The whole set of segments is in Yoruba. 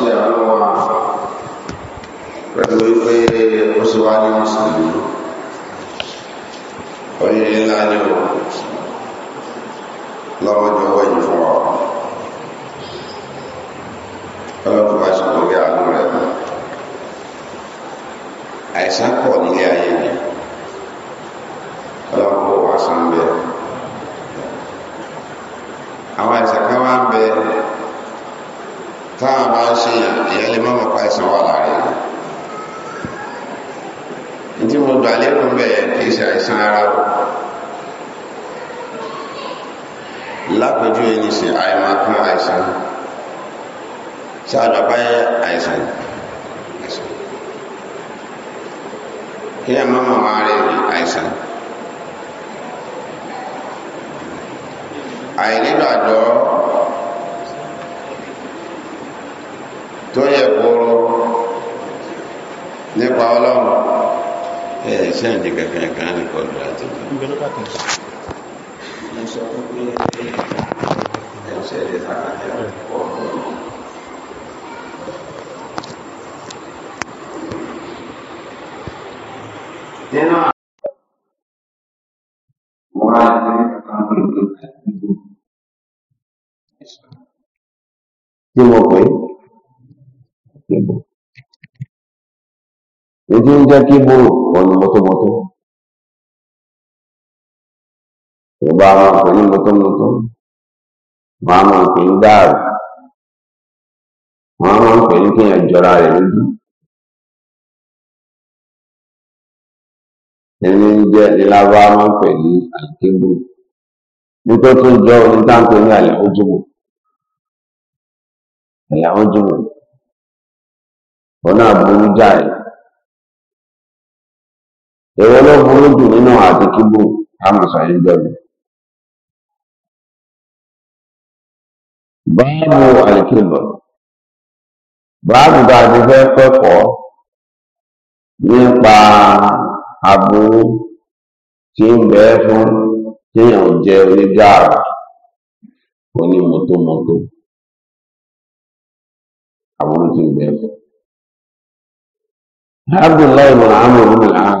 sí àánú wa pẹ̀lú wípé ó sì wá ní mùsùlùmí oríire ńlá ni ẹ̀sìn ara rọ̀ lápẹjú ẹni sí àìmọ̀ kan àìsàn sáàdọ̀ báyẹ̀ àìsàn kí ẹ mọ́ mọ́ máa rẹ̀ rí àìsàn àìnígbàdọ́ sana jika kaya kaya ni kau berlatih. Kau berlatih. Masa aku ni, saya dah tak ada. Eh. Dia nak. ndị ń jẹ́ kí gbòòrò wọn ni mọ́tòmọ́tò ìbá máa pè ní mọ́tòmọ́tò máa máa pè ní dáàrú máa èwo ló burú jù nínú àti kíbù àmọ̀sán yìí gbẹ̀mí. báàbù àìkébọ̀ báàbù tá a ti fẹ́ kẹ́kọ̀ọ́ nípa aburú tí ń bẹ fún kéèyàn jẹ onígáàrà onímọ̀tòmọ̀tò aburú tí ń bẹ fún. Abdullahi bin bin al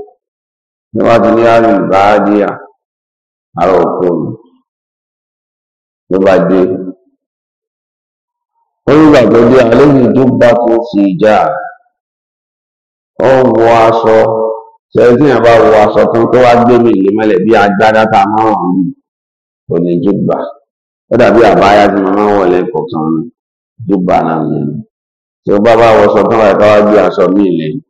ní wọ́n ti ní àrùn ìbáàdíà ara òkú mi ló bá dé ó nígbà tó dé àlejò tó bá tó sì já ó ń wọ aṣọ ṣẹ́yìn tí yẹn bá wọ aṣọ tán tó wá gbé mi ìlémọ́lẹ̀ bí agbádá tá a máa wà mí kò ní jùgbà ó dàbí àbáyá tí mo máa ń wọlé kọ̀ọ̀kan jùgbà náà nìyẹn tí ó bá bá wọ aṣọ tán wà ká wá gbé aṣọ mi ìlémọ́.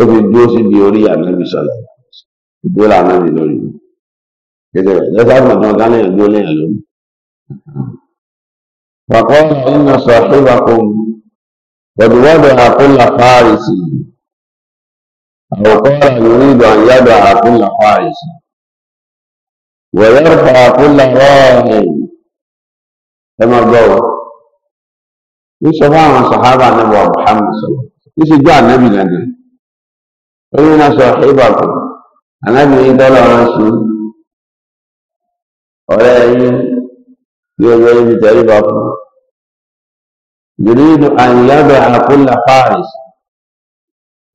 ó fi dúró síbi orí ànábì sọlá ìdúró ànábì lórí mi gẹ́gẹ́ lẹsẹ àgbọ̀ntàn gánà ìdúró lẹ́yìn lórí. wàkọ́ iná sọ àpéwà kan máa gbọ́ ní sọ fún àwọn sàhábà níbo ní sì ànábì oníná sọ ìbàkù anábìrin tọ́lọ̀ wọn sí ọ̀rẹ́ yín bí ọjọ́ ibi tẹ̀lé bá fún yìrìdù àyìnlábẹ̀ àkúlà paris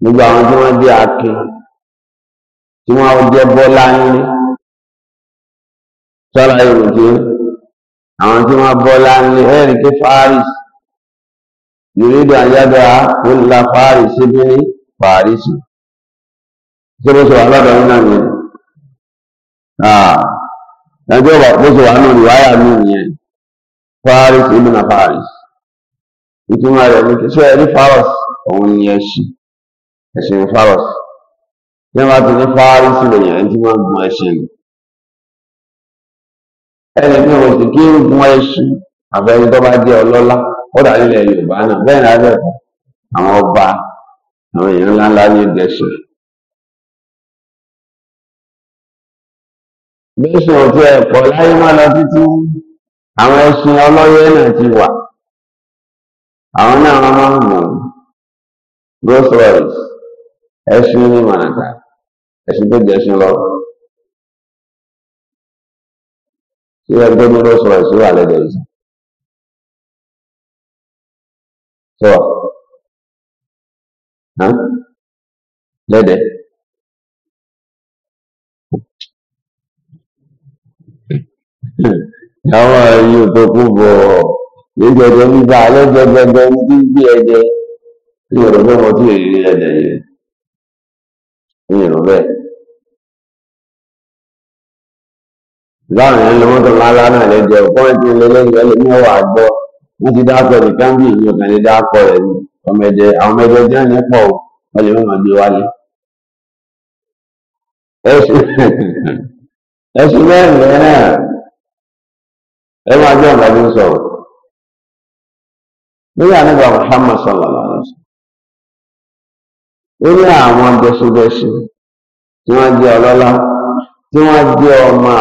gbogbo àwọn tí wọ́n jẹ́ akin tí wọ́n jẹ́ bọ́lá yín sọ́ra ìròjé àwọn tí wọ́n bọ́lá yín ẹ̀rì kí paris yìrìdù àyìnlábẹ̀ àkúlà paris síbi ní paris ṣé bó ṣe wà lọ́dọ̀ ọ̀hún náà nìyẹn ẹjọ́ bó ṣe wà náà wáyà mí nìyẹn Faris ibn Faris ìtumọ̀ rẹ̀ ní kí ṣé ẹni Faris òun ni ẹṣin ẹṣin Faris yẹn bá ti ní Faris lèyìn ẹni tí wọ́n gun ẹṣin ẹni tí wọ́n sì kí ń gun ẹṣin àbẹ́ni tó bá jẹ́ ọlọ́lá ó dà nílẹ̀ Yorùbá náà bẹ́ẹ̀ ni a bẹ̀rẹ̀ àwọn ọba àwọn èèyàn ńláńlá ní ìdẹ́sùn bẹ́sùn ọ̀tí ẹ̀pọ̀ láyé má lọ títí àwọn ẹṣin ọlọ́yẹ náà ti wà àwọn náà wọ́n máa ń mú Rolls ẹṣin ní mànàkà ẹṣin tó jẹ́ ẹṣin lọ sí ẹgbẹ́ ní wà àwọn yóò tó kú bọ̀ lójọjọ bíbá gbẹgbẹ ní gbígbé ẹ̀jẹ̀ ní ọ̀rọ̀ bẹ́ẹ̀ wọ́n tí èrè ẹ̀jẹ̀ yìí ní ìrọ̀ bẹ́ẹ̀. láàrin ẹni wọn tó máa lánà ọwọ́ àgbọ̀ wọ́n ti dákọ̀ ní ìlú ní dákọ̀ rẹ̀ ẹ máa jẹ́ ọ̀gá tí ń sọ̀rọ̀ nígbà nígbà Muhammad sallallahu alaihi wasallam ó ní àwọn dẹsùdẹsù tí wọ́n jẹ́ ọlọ́lá tí wọ́n jẹ́ ọmọ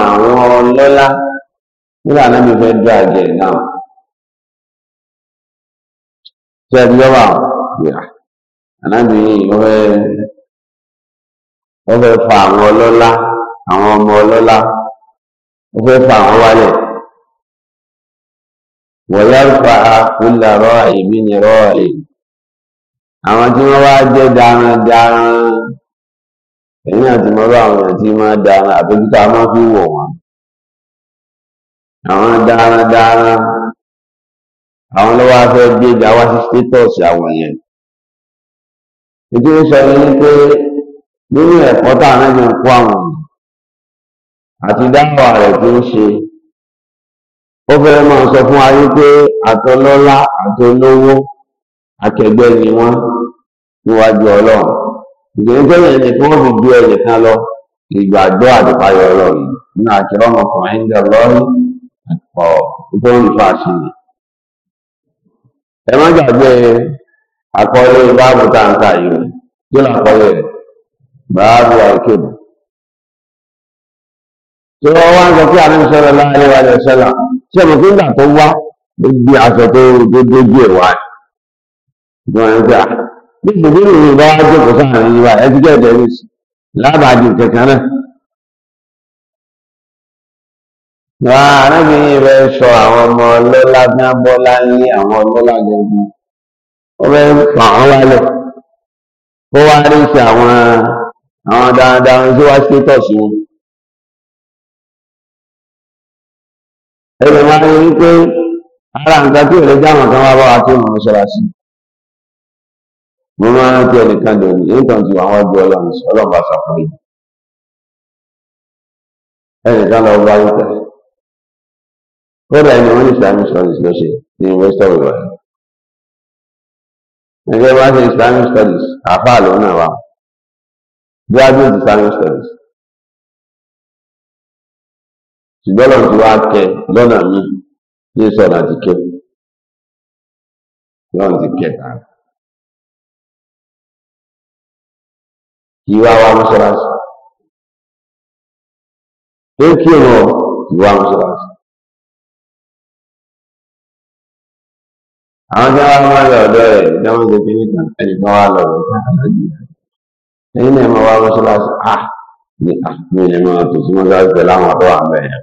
a ti yà ويرفع كل راعي من راع àwọn tí wọ́n wá jẹ́ darandaran ẹ̀yìn àti mọ́rọ́ àwọn èèyàn tí máa daran àbójútó a máa fi wọ̀ wọ́n àwọn darandaran àwọn lọ́wọ́ afẹ́ gbéga wá sí status àwọn yẹn ìdí ń sọ ní pé nínú ẹ̀kọ́ tá à ń jẹun kó àwọn àti dáhùn ààrẹ tó ń ṣe ó fẹ́ máa sọ fún ayé pé àtọlọ́lá olówó akẹgbẹ́ ni wọ́n níwájú ọlọ́run ìgbìyànjú pé ẹnì kí wọ́n fi lọ ìgbàgbọ́ àdìpayọ ọlọ́run nínú àkẹrọ ọmọkùnrin ń dẹrọ sí i. ẹ má gbàgbé àkọlé báàbù táǹkà yìí kí ló àkọlé báàbù àìkébù. tí wọ́n wá ń sọ pé àmì láàrin wa ṣé ọmọ tó ń tó wá gbogbo aṣọ tó dójú ẹ̀ wá ìjọba ẹ̀ ń pẹ́ jókòó sáàrin ìwà kankan náà. wà á rẹ sọ àwọn ọmọ ọlọ́lá bí wọ́n gbogbo ó ẹ̀rọ máa ń rí pé ara nǹkan tí òní jáwọn kan wá bá wa tó mọ̀ ṣọ́láṣí mo máa ń rántí ẹnìkan lè ní nǹkan ti wà wọ́n ju ọlọ́run sí ọlọ́run bá ṣàkóyè ẹnìkan lọ bá wípé kódà ẹni wọn ní islamic studies ló ní western world ẹgbẹ́ bá ṣe islamic studies àfáà lòun náà wà graduate islamic studies ṣùgbọ́n lọ́nà tí wàá kẹ lọ́nà mi ní sọ̀rọ̀ àti kẹ lọ́nà ti kẹ tán. ìwà wa mọ́ṣáláṣí ó kí wọn ìwà mọ́ṣáláṣí. àwọn tí wọn máa lọ ọ̀dọ̀ rẹ̀ ní wọn ṣe kí nìkan ẹnì kan wà lọ rẹ̀ káàkiri ẹ̀yin náà máa wá mọ́ṣáláṣí à ah! ah! ní àmì tó súnmọ́ sáà pẹ̀lú àwọn àbọ̀wà mẹ́rin.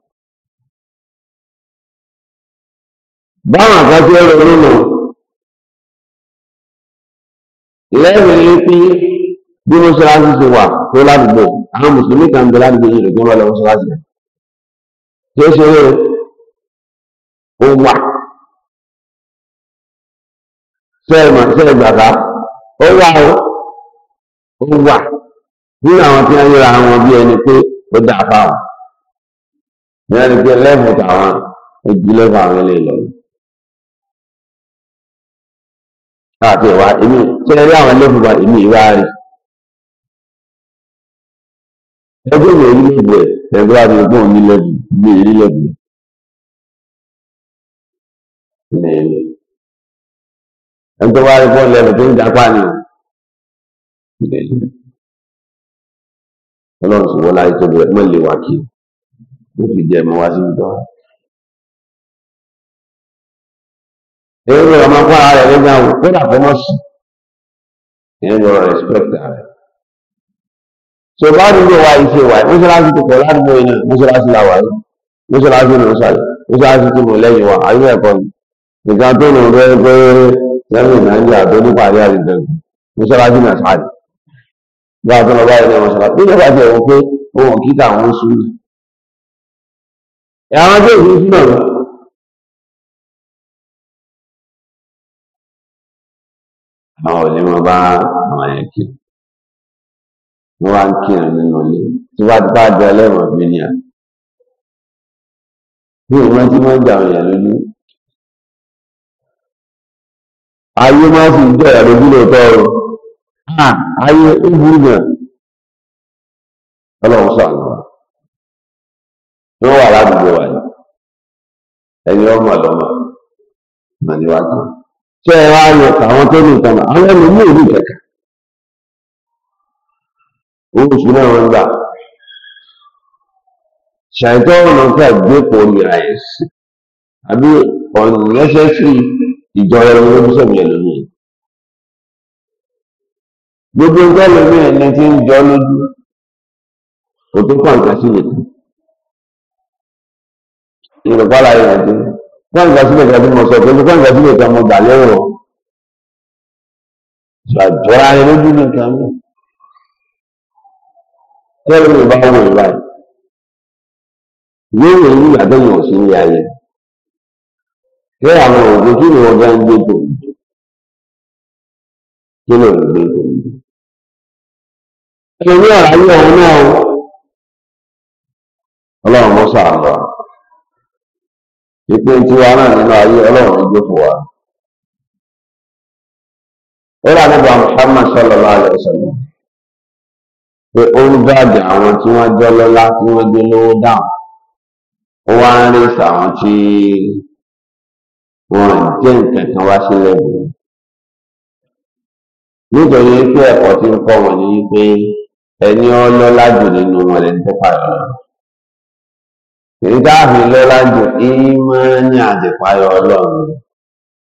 báwọn àkájọ ẹ̀rọ nínú lẹ́rìn ní pé bí mọ́ṣáláṣí ti wà tó ládùúgbò àwọn mùsùlùmí kan bẹ ládùúgbò yìí rẹ̀ tó lọ́lẹ̀ mọ́ṣáláṣí rẹ̀ tó ṣe rẹ̀ ó wà sẹ́ẹ̀mà sẹ́ẹ̀gbàgbà ó wà ó ó wà nínú àwọn tí wọ́n yẹra àwọn bí ẹni pé ó dà fáwọn ìyẹn ni pé lẹ́fù tàwọn ojúlẹ́fù àwọn ilé ìlọ́yìn. káàtì ìwà èmi kílẹ̀rí àwọn ẹlẹ́gbùgbà èmi ìwà rẹ̀ ẹgbẹ́ mi èyí lẹ́gbù ẹ̀ ẹgbẹ́ àti ẹgbọ́n mi lẹ́gbù mi èyí lẹ́gbù nìyẹn ẹni tó wá rí fún lẹ́nu tó ń jápá ni ọlọ́run sì wọ́n láyé tó bẹ̀rẹ̀ mọ́ kí ó fi jẹ́ mọ́ wá sí ìdánwò. èyí ni ọmọ fún ara rẹ̀ nígbà wò kó dà ìyẹn ni ọ̀rọ̀ respect ara rẹ̀ tó bá dúró wa ìṣe wa mọ́ṣáláṣí tó pọ̀ ládùúgbò yìí náà mọ́ṣáláṣí la wà yìí mọ́ṣáláṣí ló ń sàlẹ̀ mọ́ṣáláṣí tó mọ̀ lẹ́yìn wa ayé ẹ̀kọ́ ni nìkan tó lò rẹ pé lẹ́yìn nàìjíríà tó nípa àríyá rẹ̀ dẹ̀rù mọ́ṣáláṣí náà sàlẹ̀ bí a tó lọ báyìí náà mọ́ṣáláṣí bí nígbà tí ẹ̀wọ̀n pé àwọn òní wọn bá àwọn yẹn kí wọn wá ń nínú ilé tí wọn bá dé ẹlẹ́wọ̀n mi ni à bí ìwọ́n tí wọ́n ń jà lójú ayé máa fi ń jẹ́ lójú lóòótọ́ o ayé ó burú gan ọlọ́run sọ wọn wà ládùúgbò ṣe ẹ wá ní àwọn tó ní ìtàn àwọn ẹni ní ìlú kẹkẹ owó oṣù náà wọn gbà ṣàìtọ́ ọ̀nà fẹ́ gbépo ní àìsí àbí ọ̀nà lẹ́sẹ̀ sí ìjọra ẹni lójú sọ̀mí ẹlòmíì gbogbo nǹkan ẹlòmíì ẹni tí ń jọ lójú kò tó kàn kà sí nìkan ìrọ̀pá láyé àti gbọ́ǹgà sílẹ̀ kan tí mo sọ pé gbọ́ǹgà sílẹ̀ kan mo gbà lérò ṣàjọra rẹ lójú nìkan mi tẹ́lẹ̀ mi bá wọ ìgbà yóò rìn ní ìgbà tẹ́yìn òsì ní ayé pé àwọn òògùn ni wọ́n bá ń Ipe tiwa náà nínú ayé ọlọ́run ló jókòó wa. ó rà nígbà Muhammad sallallahu alaihi wasallam pé ó ń gbàgbé àwọn tí wọ́n jẹ́ lọ́lá tí wọ́n jẹ́ lówó dáhùn ó wá ń rí sàwọn tí wọn jẹ́ nǹkan kan wá sí lẹ́bùn nítorí pé ẹ̀kọ́ ti ń wọn ni pé ẹni ọlọ́lá jù nínú wọn ebe ahụ ilela ndụ ime anya àdìpáyọ ọlọ́run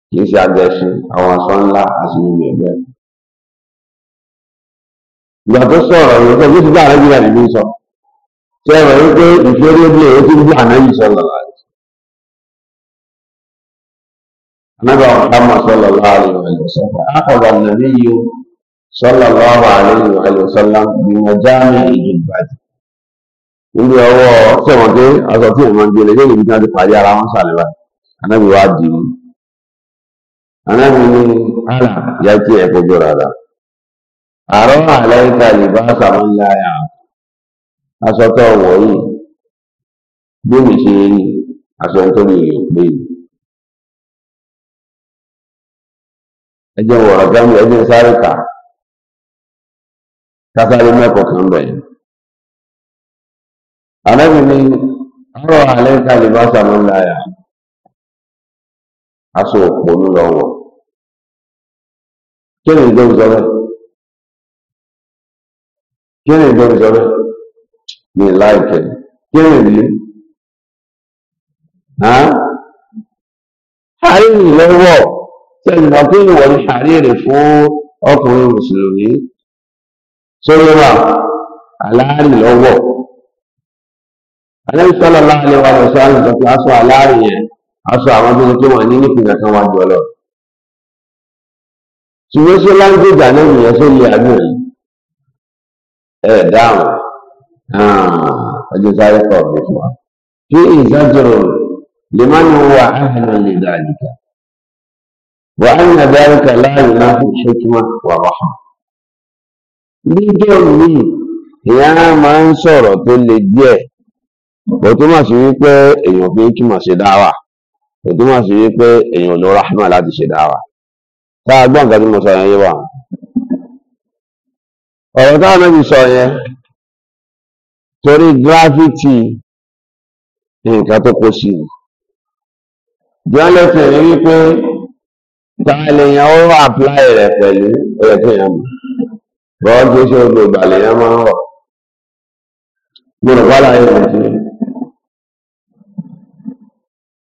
kìí ṣe àjẹsí àwọn aṣọ ńlá àti ìmọ̀ ẹgbẹ́ ìgbà tó sọ̀rọ̀ yìí pé bí ti bá àrẹ́jì rẹ̀ nínú sọ ṣe níbi ọwọ́ sẹ́wọ̀n pé aṣọ tí wọ́n máa ń gbélé ibi ti parí ara wọn sàlẹ̀ báyìí anábì wá dì í anábì ní àlà yá kí ẹ kojú rárá àárọ̀ àlẹ́ bá sàmọ́ ńlá yà aṣọ tó wọ̀ yìí bí mi ṣe rí arábìnrin ọ̀rọ̀ alẹ́ kàlí bá sàmúlò laya a so bolu da wọ̀ kí ni ìjọba sọ bẹ́ẹ̀ kí ni ìjọba sọ ha mi láìpẹ́ kí ni ìdí àárín lọ́wọ́ tẹnìkan pé ìwọ ní àríèrè fún àlẹ́bí sọ́lọ́ láwọn ilé wa lọ sí àwọn ìjọba aṣọ aláàrin yẹn aṣọ àwọn tó ń pé wọn ní nípìnlẹ̀ kan wájú ọlọ ṣùgbọ́n ṣé láńgbèjà náà nìyẹn tó lè àgbẹ̀ ẹ̀ dáhùn ọjọ́ sáré kọ̀ ọ̀gbìn fún wa kí ìṣàjọrò lè má ní wà áhàlà lè dà nìkà wà á nà dáríkà láàyè náà fún ṣèkímà wà ya níjọ́ mi ìyá le ó ma sí wípé èèyàn fi ń túmọ̀ ṣe dáwà ó túmọ̀ sí wípé èèyàn ló ráhùnmá láti ṣe dáwà tá a gbọ́ nǹkan tí mo sọ yẹn wa ọ̀rọ̀ táwọn méjì sọ yẹn torí gíráfítì nǹkan tó kó sí i jọ́lẹ́sìn ní wípé ta lèèyàn ó àpláì rẹ̀ pẹ̀lú yẹn mọ̀ bọ́ọ̀ ṣe odò yẹn máa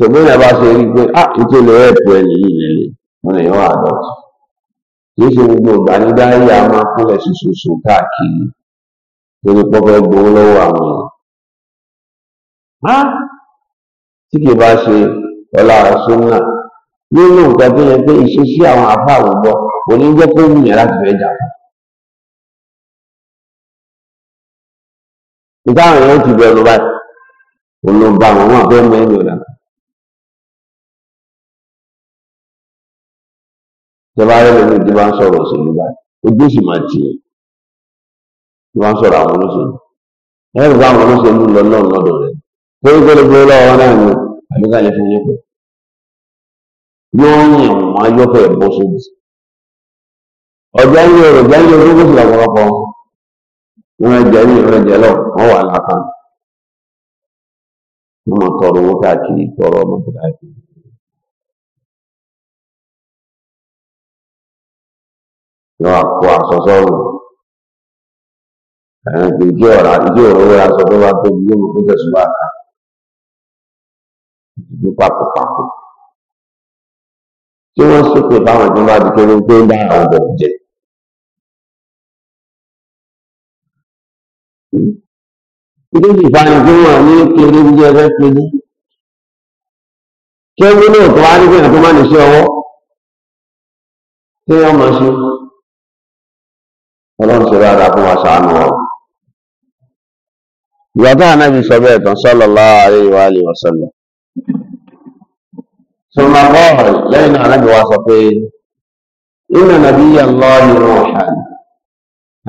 ṣùgbọ́n na bá ṣe rí pé á ah, nítorí lè rẹ́pù ẹni yìí lélẹ̀ wọn na yàn àdọ́tì kì í ṣe gbogbo ìgbà ní dáríyà máa kúnlẹ̀ ṣoṣooṣo káàkiri torí pọ́fẹ́ gbowó lọ́wọ́ àwọn èèyàn tí kì í bá ṣe ọlá súnà nínú nǹkan tó yẹ pé ìṣesí àwọn afá àwùjọ kò ní jẹ́ kó wù yẹn láti fẹ́ jà fún. ìdáhùn yẹn ti bẹ̀rù báyìí òun ló àwọn tẹ́lá rẹ̀ lómi tí bá ń sọ̀rọ̀ òṣèlú báyìí ojú sì máa tì í tí bá ń sọ̀rọ̀ àwọn olóṣèlú ẹ̀rù bá àwọn olóṣèlú lọ náà lọ́dọ̀ rẹ̀ torí pé gbogbo lọ́wọ́ náà ni àbíkálẹ̀ fún yín pẹ̀ yóò yàn wọ́n ayọ́fẹ́ bọ́ sódì ọjà ń yọ ọjà ń yọ ọdún gbèsè lọ́pọ̀lọpọ̀ wọn ẹ̀jẹ̀ ní ìrìn ẹ̀jẹ̀ lọ wọ́n wà lákàn wọn tọrọ owó káàkiri tọrọ ọmọ káàkiri yọ àpò àsọsọrù ẹn kì í jẹ ọ̀rá ìdí òróró aṣọ tó bá tóbi yóò mú kó tẹ̀sùn bá ká ìdí pàkópàkó tí wọ́n ṣépè báwọn tó bá di kéré pé ń bá àwọn bẹ̀rù jẹ. ìdí ìfanìkú wọn ní kéré bí ẹgbẹ́ kéré kí ẹgbẹ́ náà tó wá nígbà tó má ní sí ọwọ́ tí wọ́n máa ṣe ọlọ́run ṣe dáadáa fún wa ṣàánú ọ. ìgbà tá ànábì sọ bẹ́ẹ̀ tán sallallahu alaihi wa alihi wasallam. sọlá bọ́ọ̀rẹ̀ lẹ́yìn náà ànábì wa sọ pé inna nabiyyallahi Nuhan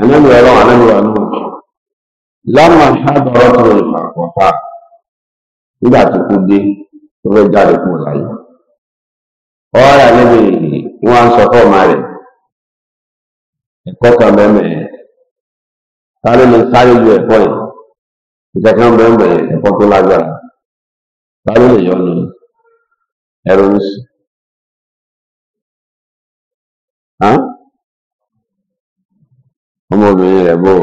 ànábì ọlọ́run ànábì wa nù lọ́mọ ṣáàbọ̀ ọ̀tún ẹ̀kọ́ kan mẹ́mẹ́ ẹ̀ sáré lè sáré ju ẹ̀kọ́ yẹn ìkẹ́ kan mẹ́mẹ́ ẹ̀kọ́ tó lágbára sáré lè yọ ní ẹ̀rọ oṣù. ọmọbìnrin rẹ̀ bò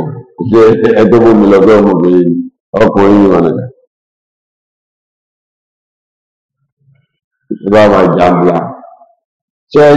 ṣé ẹjọ́ bómi lọ́gbẹ́ ọmọbìnrin ọkùnrin yìí wọn nìkan. ìbá máa jàmbá ṣé ẹ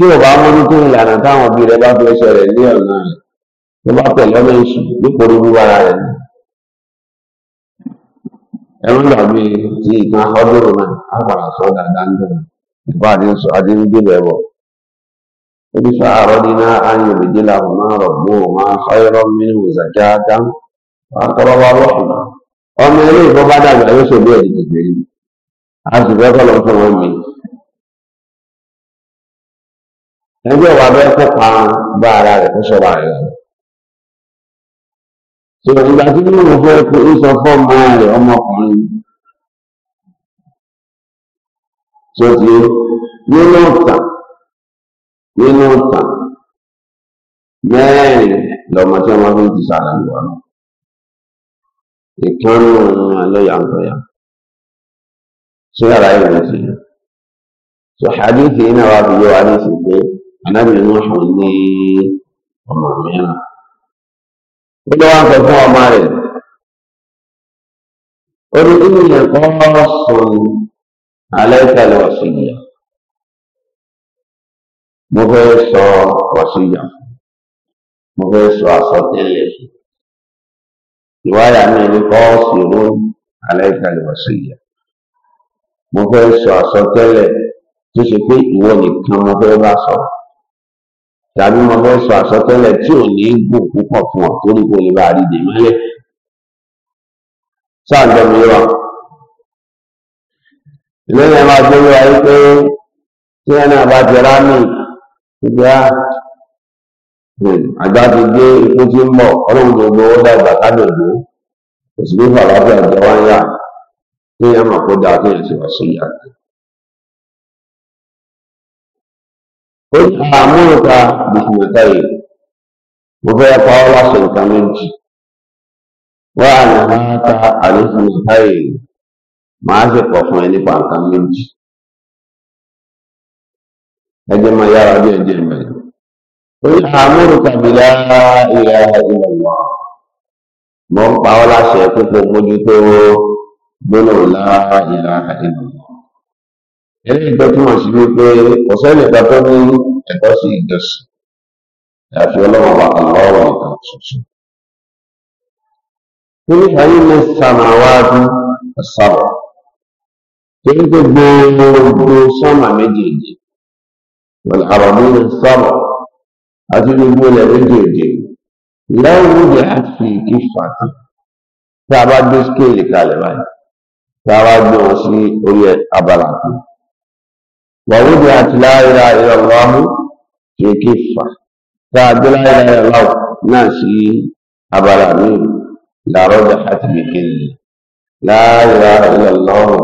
tí ò bá mójútó ìlànà táwọn òbí rẹ̀ bá fi ẹsẹ̀ rẹ̀ lé ọ̀nà rẹ̀ tó bá pẹ̀lú ọmọ èṣù nípò ara ni. ti ìtàn ọdún náà sọ dáadáa ń bẹ̀rẹ̀ nípa àti ń gbé bẹ̀ bọ̀. oríṣi àárọ̀ ní náà á máa rọ̀ mú máa ọmọ ilé ìfọ́ bá dàgbà yóò ẹjọ́ wa bẹ́ẹ̀ kó parun bá ara rẹ̀ kó sọ̀rọ̀ so rẹ̀. sọ̀rọ̀ ìgbà tí mo rò fẹ́ o sọ fún ọmọ rẹ̀ ọmọkùnrin tó ti nínú ọ̀tà nínú ọ̀tà mẹ́rin lọ́mọ tí wọ́n fi ti sára ìwà náà ìkan náà lọ́yà ń tọ́yà sí ara ìrìn àti sọ̀hádìsì náà wà fi yọ anábìrin náà fún ní ọmọ mìíràn ó lọ wá sọ fún ọmọ rẹ̀ ó ní ìyẹn kan sùn alẹ́ ìtàlẹ̀ wàsíyà mo fẹ́ sọ wàsíyà mo fẹ́ sọ àsọtẹ́lẹ̀ ìwáyà mi ní kọ́ sùn alẹ́ ìtàlẹ̀ wàsíyà mo fẹ́ sọ àsọtẹ́lẹ̀ tó ṣe pé ìwọ nìkan mo fẹ́ bá sọ̀rọ̀. tàbí wọn fẹ́ sọ àsọtẹ́lẹ̀ tí ò ní gùn púpọ̀ fún ọ torí kò lè bá a dìde mọ́lẹ̀ sáàjọ mi wà lẹ́yìn máa gbé wá wípé tí wọn náà bá jẹrá mi ìgbà hmm, àgbà ti gbé ikú tí ń bọ̀ ọlọ́run tó gbowó dàgbà ó ha àmúrùka bìtìmọ̀tà yìí mo ya pa ọ́ ka nǹkan méjì wá àyàmáta àlùfùmọ̀tà yìí màá sì pọ̀ fún ẹ nípa nǹkan méjì eme máa ha bí ẹjẹ mẹ́rin ó ní àmúrùka bìlá ma ìlọ̀wà mo ń pa ọ́ láṣẹ pé kó mójútó eléyìí tó túmọ̀ sí wípé kò sẹ́ni kan tó ní ẹ̀kọ́ sí ìjọsìn àfi ọlọ́run wa àlọ́rọ̀ nǹkan tuntun. Torí ayé ní sàmàwádìí ẹ̀sàbọ̀. Torí pé gbogbo sọ́mà méjèèjì. Wọ́n àròbí ní sọ́mà àti gbogbo ilẹ̀ méjèèjì. Lẹ́yìn oúnjẹ àti ìfà kan. Tá a bá gbé skéèlì kalẹ̀ báyìí. Tá a bá gbé wọn sí orí abala kan wàwúdì àti láìra ìrọ̀lọ́hún kéèké fà tá a gbé láìra ìrọ̀lọ́hún náà sí abala mi làárọ̀ bẹ àti mìkìlì láìra ìrọ̀lọ́hún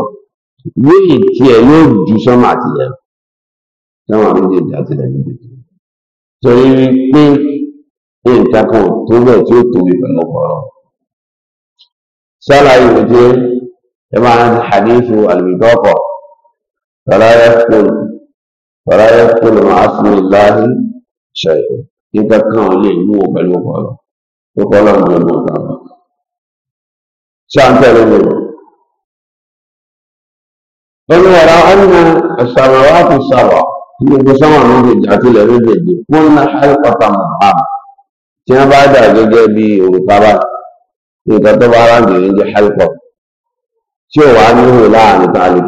wíì tiẹ̀ yóò ju sọ́mà àtìlẹ̀ sọ́mà méjèèjì àtìlẹ̀ méjèèjì torí wípé e nǹkan kan tó bẹ̀ tí tóbi pẹ̀lú ọ̀rọ̀ sálàyé wòjé ẹ máa ń hadithu àlùbíkọ́kọ̀ọ́. فلا يدخل فلا يدخل مع اسم الله شيء إذا كان لي مو بل وقال وقال من المتابعة شان تعلمون بل وراء أن السماوات السبع هي بسمع من جعت الأرض كل حلقة مبعاد كما بعد أجد بي ورقابات إذا تبارا جي حلقة شو عنه لا عن تعليق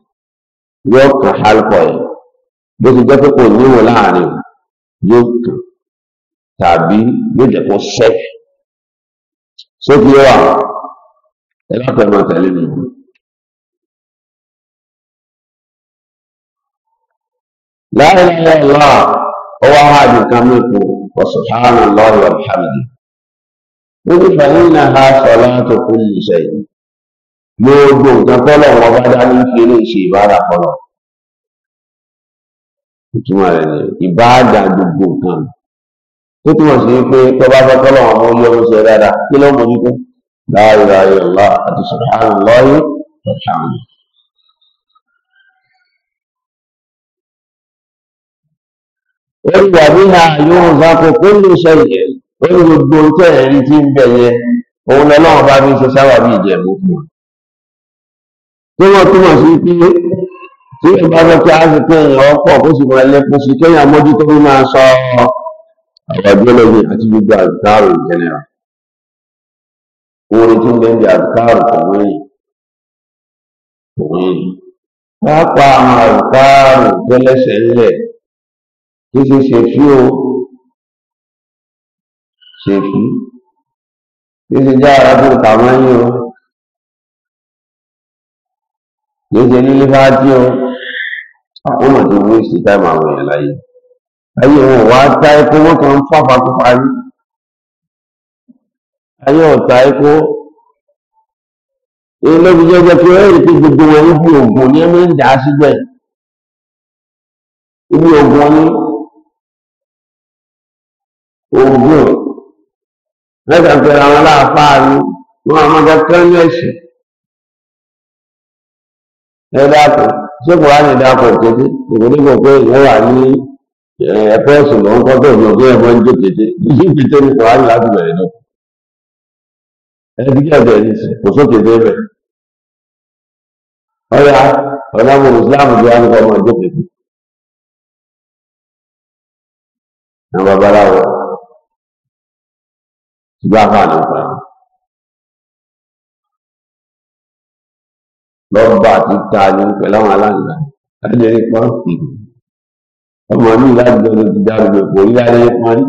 yóò kan halkọ̀ ẹ̀ bó ti jẹ́ níwò láàrin yóò tàbí yóò jẹ́ kó sẹ́ sókè wà ẹ látọ̀ máa tẹ̀lé mi. láì láì lọ́wọ́ ó wá wá nìkan mi kù lọ́wọ́ ha sọ gbogbo nǹkan tọ́lọ̀ wọn bá dá ní fi eléyìí ṣe ìbára pọ̀lọ̀ ìtumọ̀ rẹ̀ ni ìbáàdà gbogbo nǹkan tó túmọ̀ sí pé tó bá fẹ́ tọ́lọ̀ wọn ó yọrù ṣe dáadáa kí ló mọ̀ nípa láàyè láàyè ọ̀la àti sùhánù lọ́yìn ọ̀sán. Ẹgbà bí ha yóò zákò kó lè ṣẹyẹ, ó ní gbogbo tẹ́ẹ̀rí tí ń bẹ̀yẹ, òun lọ́wọ́ bá fi ṣe sábà bí ìjẹ̀bú fún wọn tí wọ́n túmọ̀ sí pé tí ìgbà fẹ́ kí á sì pé èèyàn pọ̀ kó sì máa lékún sí kéèyàn mójútó bí máa sọ àgbàjọ́lọ́gbì àti gbogbo àdùkárò ìjẹnìyà orin tí ń bẹ ń di àdùkárò kọ̀wé kọ̀wé pàápàá àwọn àdùkárò tẹ́lẹ̀sẹ̀ ńlẹ̀ kí ṣe ṣe fí o ṣe fí kí ṣe jẹ́ àràbò tàmáyé o. kìí ṣe lílé bá dé o ó mà ti wú sí táìmù àwọn èèyàn láyé ayé wọn wá tá epo wọn kàn ń fàfà tó parí ayé ọ̀tá epo èyí ló fi jẹ́jẹ́ pé ó rí pé gbogbo wọn níbi ògùn ní ẹni ń dà á síbẹ̀ ibi ògùn ní ògùn lẹ́sàn pẹ̀lú àwọn aláàfáà ni wọn àwọn ọmọdé kẹ́rin ẹ̀sìn. ẹ dákun ṣé kùránì dákun òkété òkú obodo pé ìyẹn wà ní ẹ̀fẹ́ ẹ̀sùn ló ń tó ní òkú ẹ̀fọ́ ń jó kété yìí kété ní kùránì láti bẹ̀rẹ̀ náà ẹbí kẹ̀kẹ́ ní kò sókè débẹ̀ ọ̀yà ọ̀làmù ìsìláàmù bí wọn kọ́ ọmọ lọ́ba títa ni ń pẹ́ láwọn aláǹgbá láti rí pọ́n ọmọ mi láti jọ ló ti dárúgbó kò rí láti rí pọ́n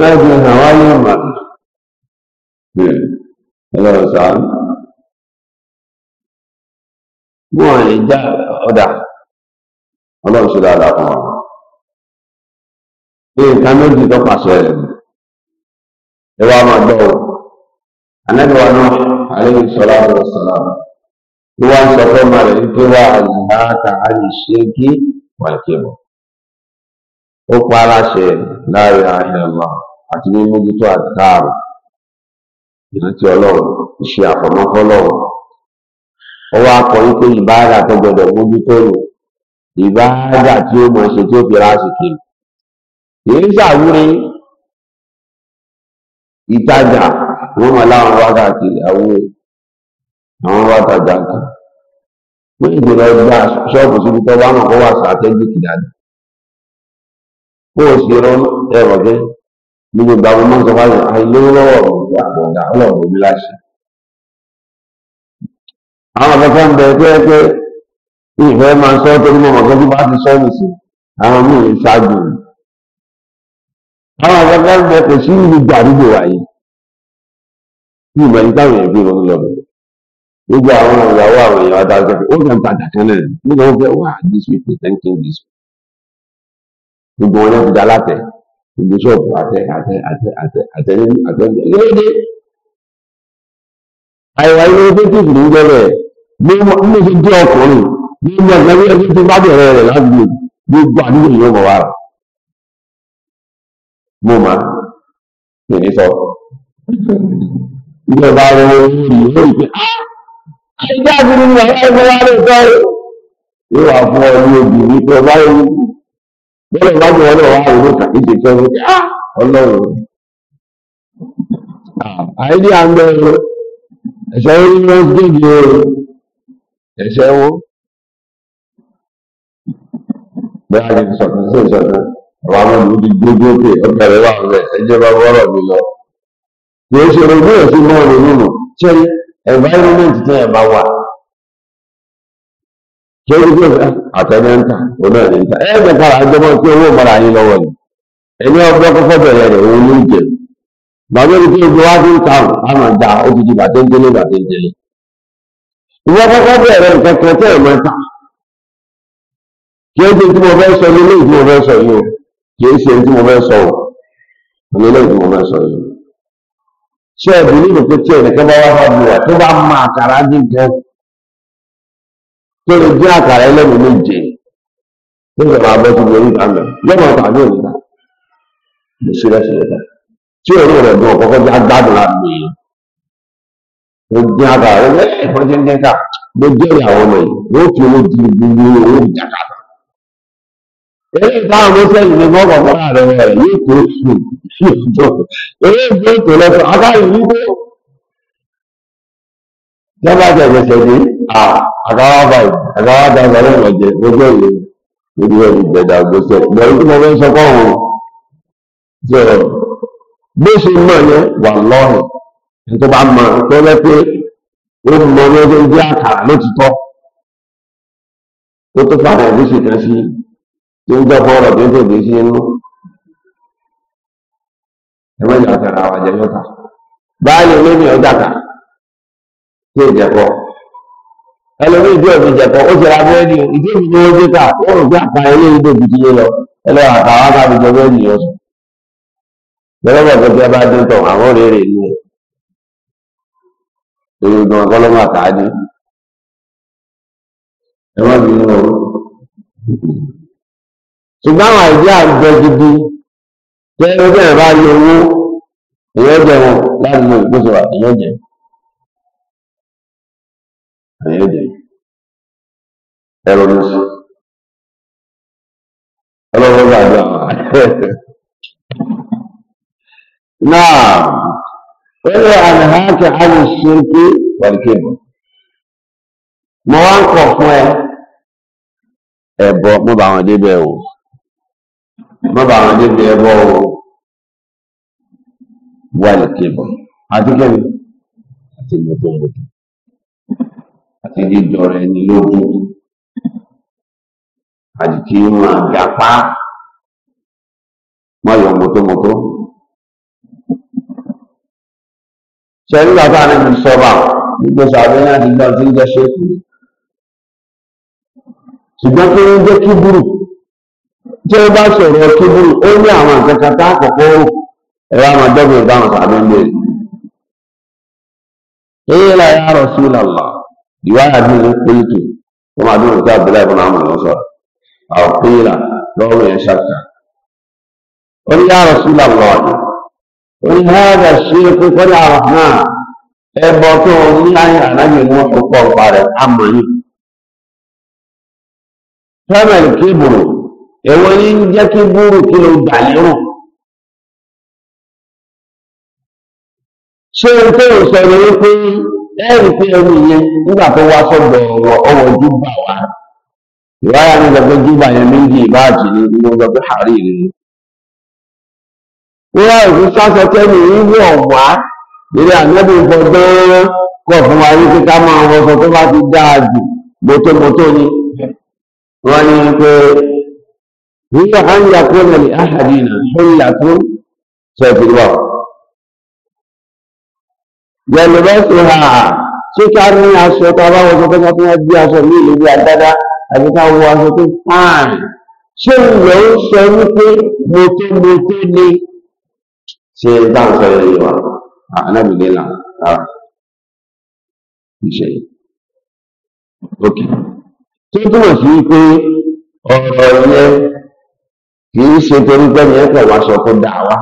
láti fi hàn wáyé ọ̀mà ọlọ́run sàánú. wọ́n lè já ọ̀dà ọlọ́run ṣe dáadáa fún wa. pé nǹkan méjì tó pàṣẹ rẹ̀ ẹ wá máa gbọ́ ọ. anábìwá náà alẹ́ ìṣọ́lá ọ̀rọ̀ sọ̀rọ̀. ló wá ń sọ fún ọmọ rẹ̀ wípé wà àlùbáàkà á lè ṣe kí wàkébọ̀ ó pa aláṣẹ láàrin àhẹlọ àti ní àtàrò ìrántí ọlọ́run akọ wípé ìbáàdà tó mójútó ìbáàdà tí ó mọ ṣe tí ó fi ṣàwúrí ìtajà wọn láwọn àwọn wá tajà nǹkan pé ìdèrè ọjà ṣọ́ọ̀bù síbi tó bá náà kó wà sàtẹ́jìkì dáadáa bó o sì rọ ẹrọ pé ní gbogbo àwọn máa ń sọ báyìí àìlówó lọ́wọ́ òbí àbọ̀dá ọlọ́ọ̀dọ̀ mi láṣẹ. àwọn afẹ́fẹ́ ń bẹ pé pé ìfẹ́ máa sọ torí mọ̀mọ́ tó bá ti sọ nìsí àwọn míì ṣáájú rẹ̀. àwọn afẹ́fẹ́ ń bẹ kò sí ìlú gbàdúgbò wáyé ní ìmọ̀ ìtàwọn ẹ̀gbẹ́ ìrọ̀lọ́dọ̀ gbogbo àwọn ìyàwó àwọn èèyàn adájọ́ pé ó kàn tajà kan náà ní wọn fẹ́ wà this week presenting this week gbogbo wọn náà ti da látẹ gbogbo ṣọ́ọ̀bù àtẹ àtẹ àtẹ àtẹ àtẹ nínú àtẹ léde àìwá ilé ẹgbẹ́ tí ìfìdí ń gbẹlẹ bí wọn ní ṣe jẹ ọkùnrin bí wọn gbẹ bí ẹgbẹ́ tí bá bẹ̀rẹ̀ rẹ̀ láti gbogbo àdúgbò yìí ó mọ wàrà mo máa mi ní sọ ìjọba rẹ wọn rí i ó rí i pé ah. Ìjáàbùrú ni àwọn ẹgbẹ́ wa lè sọ ọ́. Yóò wá fún ọ ní obìnrin tó bá yẹ wíwú. Bọ́lá ìwà ni ọlọ́run wá òun kàkéde tó ah, ń ká ọlọ́run. Àìdí àgbẹ̀ ẹ̀sẹ̀ wọn ni wọ́n gbèdé ẹ̀sẹ̀ wọn. Bẹ́ẹ̀ ni sọ̀tún sí ìṣọ̀tún. Àwọn ọmọ ti gbógbó pé ọgbà rẹ̀ wà rẹ̀ ẹjẹ́ bá wọ́rọ̀ environment tí yẹn bá wà kí ó dúró nta ń tà òun náà ní ń tà ẹ ẹ gbẹ̀ka àjọmọ́ tí owó mọ́ra ma lọ́wọ́ ni ẹni ọgbọ́n kọ́kọ́ bẹ̀rẹ̀ rẹ̀ òun ló ń jẹ bàbá mi kí ojú wa fi ń kàrún á máa da ó ti di bàtẹ́ńdélé bàtẹ́ńdélé ìwọ kọ́kọ́ bẹ̀rẹ̀ nǹkan kan ṣé ẹ bìlíìbù pé tí ẹnìkan bá wá fàbí wà tó bá mọ àkàrà dìgbò tó lè jẹ àkàrà ẹlẹ́nu méje tó lè máa bọ́ síbi orí ìdáná lọ́mọ tàbí òníta lè ṣe lẹ́sẹ̀ lẹ́ta tí òru rẹ̀ dùn ọ̀kọ́kọ́ jẹ́ agbádùn láti mo jẹ àkàrà ẹlẹ́fọ́n jẹ́ ń dẹ́ka mo jẹ́ ìyàwó mi yóò fi owó di gbogbo owó ìjàkadà. e ìdáhùn ló sẹ́yìn ní mọ́bọ̀ mọ́ra rẹ̀ rẹ̀ yóò tó ṣùgbọ́n eré ìgbé ètò lọ́sọ̀ akáyọ̀ wípé jọba jẹ̀gbẹ̀sẹ̀ ní àkáwá báyìí àkáwá dáadáa lọ́wọ́ jẹ gbogbo ìlú tí ó gbọ́ fọ́ọ̀rọ̀ tó tètè sí inú ẹ má jà tẹ̀ra àwọn àjẹjọ́ ta báyìí olómi ọjà ta tí ì ẹlòmíì tí òfin jẹ̀kọ́ ó ṣẹlá búrẹ́dì ìdí òfin ni wọ́n gbé ta wọ́n rò pé àpá ilé yé lọ a bá dé tán àwọn rèé ní ẹ̀ èrè gan ọgọ́lọ́mọ àtàdé ẹ má ṣùgbọ́n àwọn àìjẹ́ àgbẹ̀ gidi jẹ́ ẹgbẹ́ ìbá ní owó èèyàn jẹ wọn láti mú ìgbésẹ̀ wà èèyàn jẹ èèyàn jẹ ẹ̀rọ ló sọ ọlọ́wọ́ bá dùn àwọn náà wẹ́rẹ́ àníháàkì àmì ṣínkì pẹ̀lú mo wá ń kọ̀ fún ẹ ẹ̀bọ mo bá wọn débẹ̀ o mọ́bà àwọn débi ẹbọ wà ìkébọ̀ àti kẹ́mi àti mọ̀tòmọ̀tò àti jíjọ rẹ̀ ní lójú àti kí wọ́n àgàpá wọ́n yọ mọ̀tòmọ̀tò. ṣe nígbà tá a ní fi sọ́ba nígbà sàbẹ̀ náà ti gbà tí ń jẹ́ ṣéèkì ṣùgbọ́n kí ń jẹ́ kí burú. tí ó bá sọ̀rọ̀ kíbúrú ó ní àwọn àkẹ́kẹ́ tá àkọ́kọ́ rò ẹ̀rọ àwọn dọ́gbìn ìbáwọn sàbí ń bèèrè. ya Rasulullah ìwà àbí ní pèlìtì tó máa dúró nípa àbúlá ìbọn àwọn ọmọ sọ̀rọ̀ àwọn pèlà lọ́wọ́ yẹn ṣàkà. Ó ní ya Rasulullah ó ní hẹ́ẹ̀dà ṣe é pé kọ́lá náà tó ní ẹ̀wọ́n ní ń jẹ́ kí búrú kí ló gbà lérò ṣé ohun tó ń sọ ni wípé ẹ̀rù pé ẹrù yẹn nígbà tó wá sọ́dọ̀ ọ̀rọ̀ ọwọ́ júbà wá ìwáyà ní gbogbo júbà yẹn méjì ìbáàjì ní gbogbo gbogbo àárí rẹ̀ wíwá ìlú sásọ tẹ́lẹ̀ nínú ọ̀wá ìrẹ́ kọ̀ fún wa wípé ká máa هي أن يكون لأحدنا حلة سبوة يلبسها síkà ní aṣọ tó a bá wọ sọpẹ́ sọpẹ́ wọn bí aṣọ ní ìlú àdáda àti ká wọ aṣọ tó fáàn ṣé ìwẹ̀ ń sọ wípé mo tó mo tó ní ṣe bá ń sọ yẹn yìí wa alábìlẹ̀ là rárá ìṣẹ̀lẹ̀ ok tó túmọ̀ sí pé ọ̀rọ̀ yẹn kì í ṣe torí pé ní ẹ̀kọ́ aṣọ tó dà wá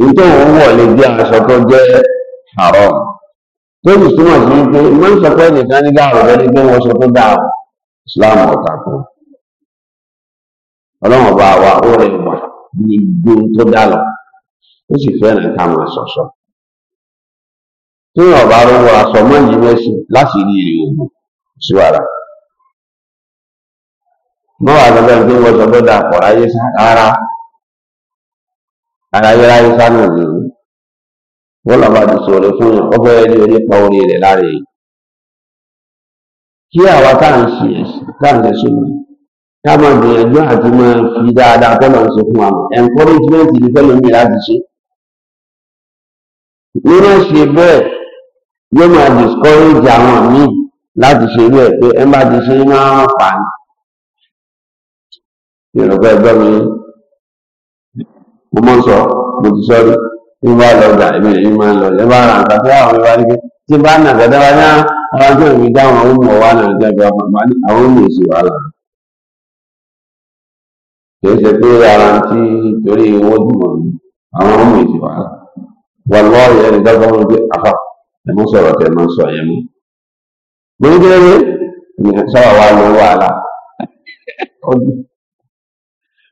èyí tó ń wọ̀ lè jẹ́ aṣọ tó jẹ́ haram tó sì túmọ̀ sí pé wọ́n sọ pé nìkan ní gáàrú lẹ́ni pé wọ́n sọ tó dà Islam ọ̀tà kù ọlọ́run ọba wa ó rẹ̀ wà ní gbogbo tó dà lọ ó sì fẹ́ràn ká máa sọ̀sọ̀ tí ọba arúgbó aṣọ mọ́ yìí mẹ́sì láti rí èrè ògùn síwára. bó wà lọ́gbẹ́ tó wọ́n sọ pé dàpọ̀ ráyé sá rárá aráyé ráyé sá náà ni wọ́n lọ́ba ti sọ̀rọ̀ fún yàn ó fẹ́ẹ́ ní onípa orí rẹ̀ lára kí àwa tá ń ṣe tá à ń ṣẹṣẹ mi ká máa gbìyànjú àti máa fi dáadáa tọ́lọ̀ ń ṣe fún wa encouragement ni tọ́lọ̀ láti ṣe nínú ṣe bẹ́ẹ̀ yóò máa discourage àwọn míì láti ṣe pé ẹ má ti ṣe yorùbá ẹgbẹ́ mi mo nsọ ń sọ mo ti sọ rí bí wọ́n bá lọ gbà èmi èyí máa lọ bá tí bá nà ara tó dáhùn àwọn ọmọ wa náà ní àwọn ọmọ èsì wàhálà kì í ṣe pé ara ti torí owó ní àwọn ọmọ èsì wàhálà wà lọ́ọ̀rì ẹni dábàá wọn pé àfà ẹ mú sọ̀rọ̀ tẹ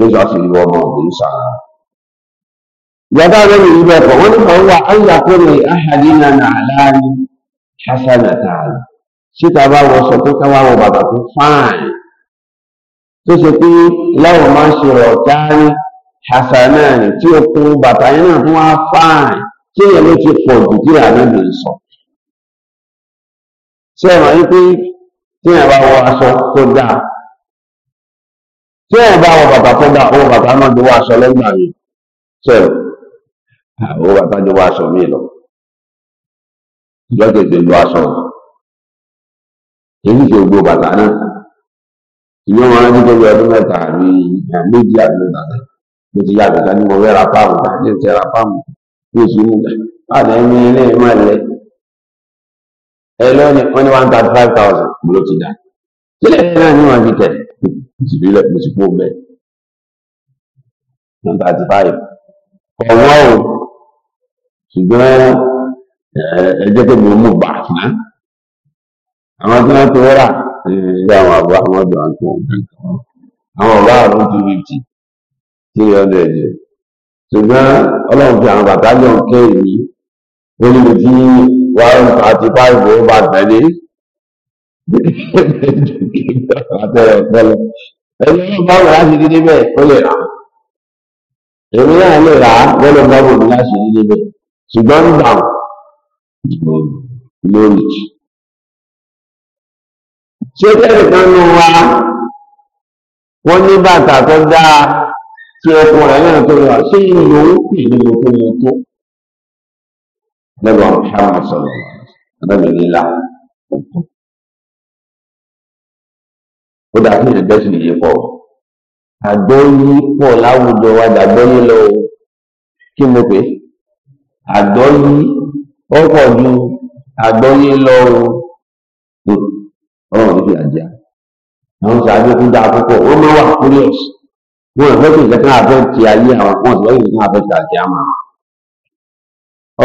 yóò sọ sí ìwọ ọmọ òun sàrà. Ìjọba lórí ìlú ẹ̀kọ́ wọ́n ní kan wà á ń yàtọ̀ ní àhàdínà nàlárí hasana tààlà. Síta bá wọ sọ pé káwá wọ bàbá tó fáàn. Tó ṣe pé láwọn máa ń ṣe ọ̀tárí hasana tí ó kún bàtà yẹn náà fún wa fáàn. Tí èèyàn ló ti pọ̀ jù kí àdébì ń sọ. Ṣé ẹ̀ máa ń pín tí èèyàn bá wọ aṣọ tó dáa? tí ẹ bá wọ bàtà tó dá owó bàtà náà jọ wọ aṣọ lẹ́gbà mi ṣe owó bàtà jọ wọ aṣọ mi lọ ìjọ kejì lọ aṣọ èyí ṣe gbogbo bàtà náà ìyẹn wọn ní gbogbo ọdún mẹ́ta àbí méjì àbí mẹ́ta náà mo ti yàgò ká ní mo fẹ́ páàmù ká ní ìṣe páàmù ní oṣù mú àdé ní ilé ìmọ̀ ilẹ̀ ẹ lónìí one thirty five thousand mo ló ti dà sílẹ̀ náà ní wọn fi tẹ̀ ìṣèlú ilẹ̀ mo ti kú ọmọ ẹ̀ nọ́mbà thirty five ọ̀wọ́ o ṣùgbọ́n ẹ jẹ́ kí mo mú gbà fún àwọn tí wọ́n ti rà ilé àwọn àbọ̀ àwọn ọ̀dọ̀ àti àwọn ọ̀gá àrùn two fifty three hundred ṣùgbọ́n ọlọ́run fi àwọn bàtà yọ̀ ń kẹ́ ó ní mo ti one thirty five over twenty àtẹ̀rẹ̀pẹ̀lẹ̀ ẹni yóò bá wà láti dídí bẹ́ẹ̀ ó lè rà èmi náà lè rà á lọ́dọ̀ bá wò láti dídí bẹ́ẹ̀ ṣùgbọ́n ń gbà lórí. ṣé kẹ́rì kan nu wa wọ́n ní bàtà tó dáa tí ọkùnrin náà tó rà ṣé ìlú ó pè ní gbogbo ohun lẹ́gbọ̀n ṣáà máa sọ̀rọ̀ lọ́dọ̀ nílá ọ̀pọ̀ ó dáa kí èèyàn gbẹ́sìn yìí pọ̀ àgbọ́yé pọ̀ láwùjọ wa dàgbọ́yé lọ o kí mo pè àgbọ́yé ó pọ̀ ju àgbọ́yé lọ o ọ̀rọ̀ ní fi àjẹ́ àwọn sàájú kú dáa púpọ̀ ó máa wà curious wọn ò fẹ́ kí nǹkan kan àfẹ́ ti ayé àwọn kan àti lẹ́yìn nǹkan àfẹ́ ti àjẹ́ àmà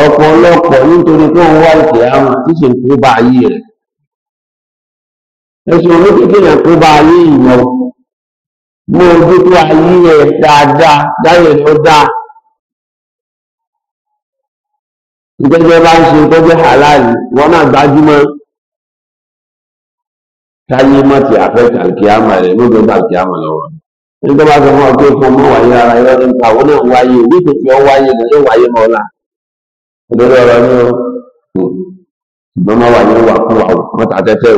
ọ̀pọ̀lọpọ̀ nítorí pé òun wá ìkẹ́ àmà tí ń kú bá ayé rẹ̀ e owó tí kéèyàn kó bá ayé ìyàn mú ojú tó ayé ẹ̀ dáadáa dáyẹ̀ tó dáa ìgbẹ́jẹ́ bá ń ṣe tọ́jẹ́ àláàlì wọ́n náà gbájúmọ́ táyé mọ́ ti àfẹ́ kàlkìámà rẹ̀ ló gbé kàlkìámà lọ́wọ́ nígbà bá sọ fún ọ pé fún ọmọ wáyé ara ẹ̀rọ ní ta òun náà wáyé òbí tó fi ọ wáyé lọ yóò wáyé mọ́ ọ̀la òdodo ọ̀rọ̀ ni ó ṣùgbọ́n má wà ní o.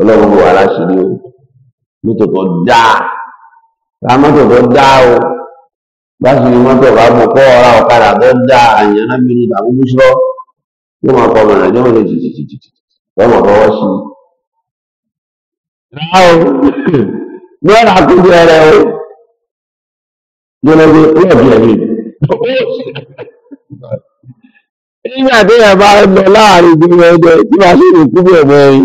ọlọ́run bò wá láṣìírí o mọ́tò tó dáa ká mọ́tò tó dáa o bá sì ní mọ́tò bá bò kọ́ ọ̀rá ọ̀kadà tó dáa àyàn náà bí ní tàbí búṣọ́ yóò máa kọ́ ọmọ nàìjíríà wọn lè tìtìtìtì wọ́n mọ̀ fọwọ́ sí i. ní ọ̀rọ̀ àkójọ rẹ o gbọ́dọ̀ bí ó bí ẹ̀mí. nígbà tí ẹ bá ń lọ láàrin ìdílé ẹgbẹ́ tí màá ṣe lè kú bí ọmọ yìí.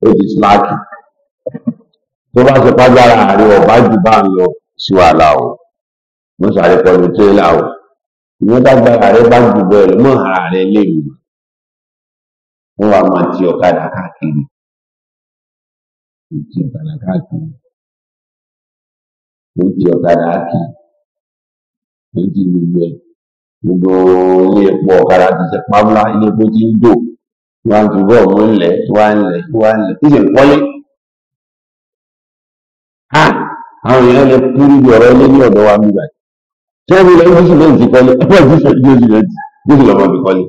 oji di tó bá ṣe pàjára jù bá ń lọ sí o mo sáré pẹ̀lú tírélà ìwọ́n dágbára rẹ bá jù bẹ́ẹ̀ lọ mọ́ ara rẹ léwu wọ́n wá máa ti káàkiri ti káàkiri ti ti gbogbo ilé epo ti ṣe wọn ju bọ ọmọ ńlẹ wá ńlẹ wá ńlẹ kí lè ha àwọn èèyàn lè kú níbi ọ̀rọ̀ ilé ní ọ̀dọ̀ wa nígbà tí wọn bí lọ sí lẹ́yìn ti kọ́lé ẹgbẹ́ ìjísọ ìjọ ìjọ ìjọ ìjọ ìjọ ìjọ ìjọ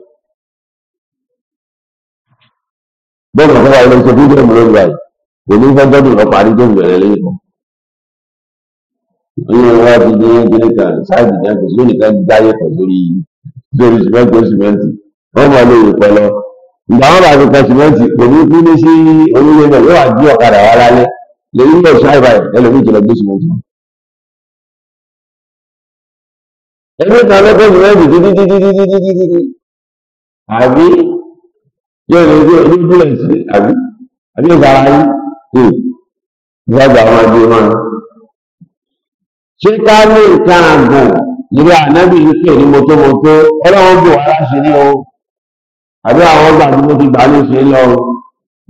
bẹ́ẹ̀ lọ́kọ́ wa ló ń sọ fídíò mi lórí báyìí kò ní fẹ́ gbọ́dọ̀ lọ parí tó bẹ̀rẹ̀ lẹ́yìn kan nínú wa ti dín kíní kan sáàjì náà kò sí nìkan dáyé pọ̀ lórí lórí sìmẹ́ntì sìmẹ́ntì wọ́n máa lè rìn pẹ́ ìgbà wọn bá ti kan sìmẹ́ǹtì kò ní kú ní sí onílé náà yóò wá gbé ọ̀kadà wá lálẹ́ lèyí lè ṣe àìbáyé ẹlòmíì jùlọ gbé sìmẹ́ǹtì. ẹgbẹ́ kan lọ́kọ́ sìmẹ́ǹtì dídídídídídídídí àbí yóò lè gbé oníbúlẹ̀sì àbí àbí ìgbàlá yìí ìgbàgbà wọn di wọn. ṣé ká ní nǹkan àgùn nílé ànábì yìí pè ní mọ́tòmọ́tò ọlọ́run bò wá láṣẹ ní ohun àbí àwọn ọgbà tí mo ti gbà ní ṣe lọ